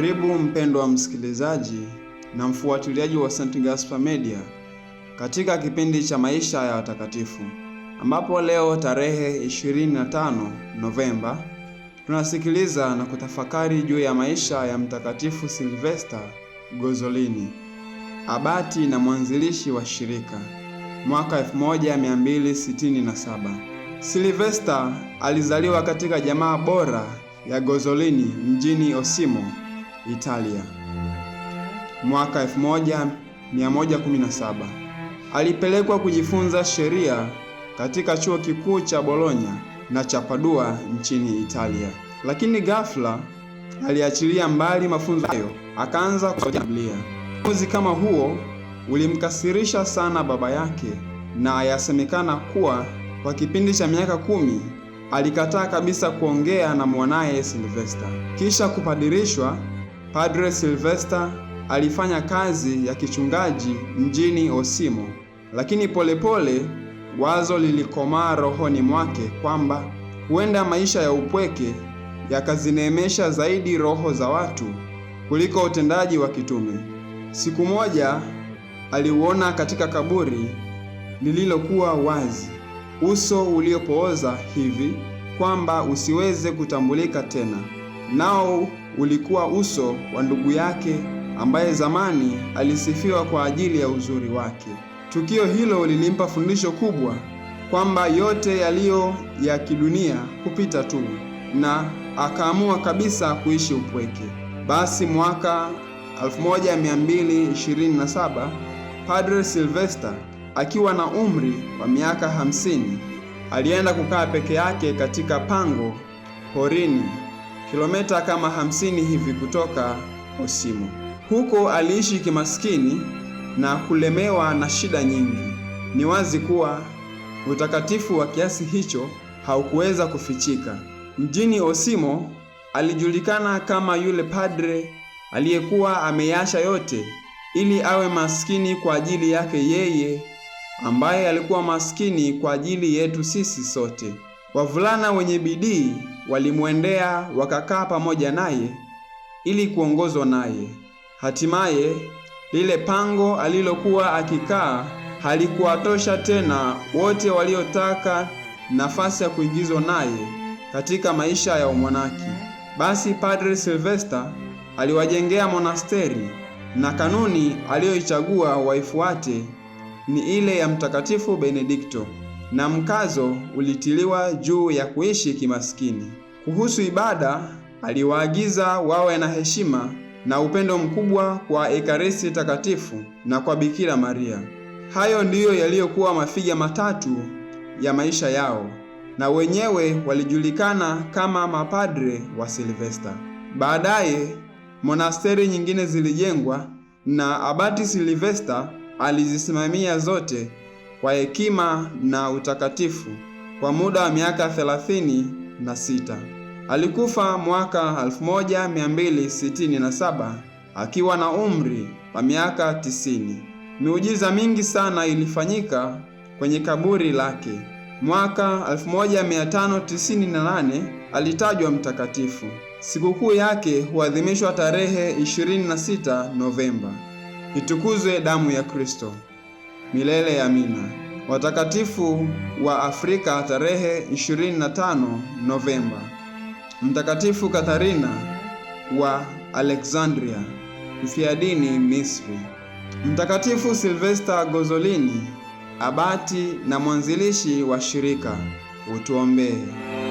Karibu mpendwa msikilizaji na mfuatiliaji wa St. Gaspar Media katika kipindi cha maisha ya watakatifu, ambapo leo tarehe 25 Novemba tunasikiliza na kutafakari juu ya maisha ya Mtakatifu Silvesta Gozolini, abati na mwanzilishi wa shirika mwaka 1267. Silvesta alizaliwa katika jamaa bora ya Gozolini mjini Osimo Italia mwaka 1117. Alipelekwa kujifunza sheria katika chuo kikuu cha Bologna na cha Padua nchini Italia, lakini ghafla aliachilia mbali mafunzo hayo, akaanza kusoma Biblia. Uamuzi kama huo ulimkasirisha sana baba yake, na yasemekana kuwa kwa kipindi cha miaka kumi alikataa kabisa kuongea na mwanaye Silvesta, kisha kupadirishwa Padre Sylvester alifanya kazi ya kichungaji mjini Osimo, lakini polepole pole, wazo lilikomaa rohoni mwake kwamba huenda maisha ya upweke yakazineemesha zaidi roho za watu kuliko utendaji wa kitume. Siku moja aliuona katika kaburi lililokuwa wazi uso uliopooza hivi kwamba usiweze kutambulika tena, nao ulikuwa uso wa ndugu yake ambaye zamani alisifiwa kwa ajili ya uzuri wake. Tukio hilo lilimpa fundisho kubwa kwamba yote yaliyo ya kidunia hupita tu, na akaamua kabisa kuishi upweke. Basi mwaka 1227 Padre Sylvester akiwa na umri wa miaka hamsini alienda kukaa peke yake katika pango porini kilomita kama hamsini hivi kutoka Osimo. Huko aliishi kimaskini na kulemewa na shida nyingi. Ni wazi kuwa utakatifu wa kiasi hicho haukuweza kufichika. Mjini Osimo alijulikana kama yule padre aliyekuwa ameyasha yote ili awe maskini kwa ajili yake yeye ambaye alikuwa maskini kwa ajili yetu sisi sote. Wavulana wenye bidii walimwendea wakakaa pamoja naye ili kuongozwa naye. Hatimaye lile pango alilokuwa akikaa halikuwatosha tena wote waliotaka nafasi ya kuingizwa naye katika maisha ya umonaki. Basi Padre Silvesta aliwajengea monasteri na kanuni aliyoichagua waifuate ni ile ya Mtakatifu Benedikto na mkazo ulitiliwa juu ya kuishi kimaskini. Kuhusu ibada, aliwaagiza wawe na heshima na upendo mkubwa kwa Ekaristi Takatifu na kwa Bikira Maria. Hayo ndiyo yaliyokuwa mafiga matatu ya maisha yao, na wenyewe walijulikana kama mapadre wa Silvesta. Baadaye monasteri nyingine zilijengwa na abati Silvesta alizisimamia zote kwa hekima na utakatifu kwa muda wa miaka thelathini na sita. Alikufa mwaka 1267 akiwa na umri wa miaka tisini. Miujiza mingi sana ilifanyika kwenye kaburi lake. Mwaka 1598 alitajwa mtakatifu. Sikukuu yake huadhimishwa tarehe 26 Novemba. Itukuzwe damu ya Kristo! milele amina. Watakatifu wa Afrika tarehe 25 Novemba: Mtakatifu Katharina wa Alexandria, mfiadini Misri. Mtakatifu Silvesta Gozolini, abati na mwanzilishi wa shirika, utuombee.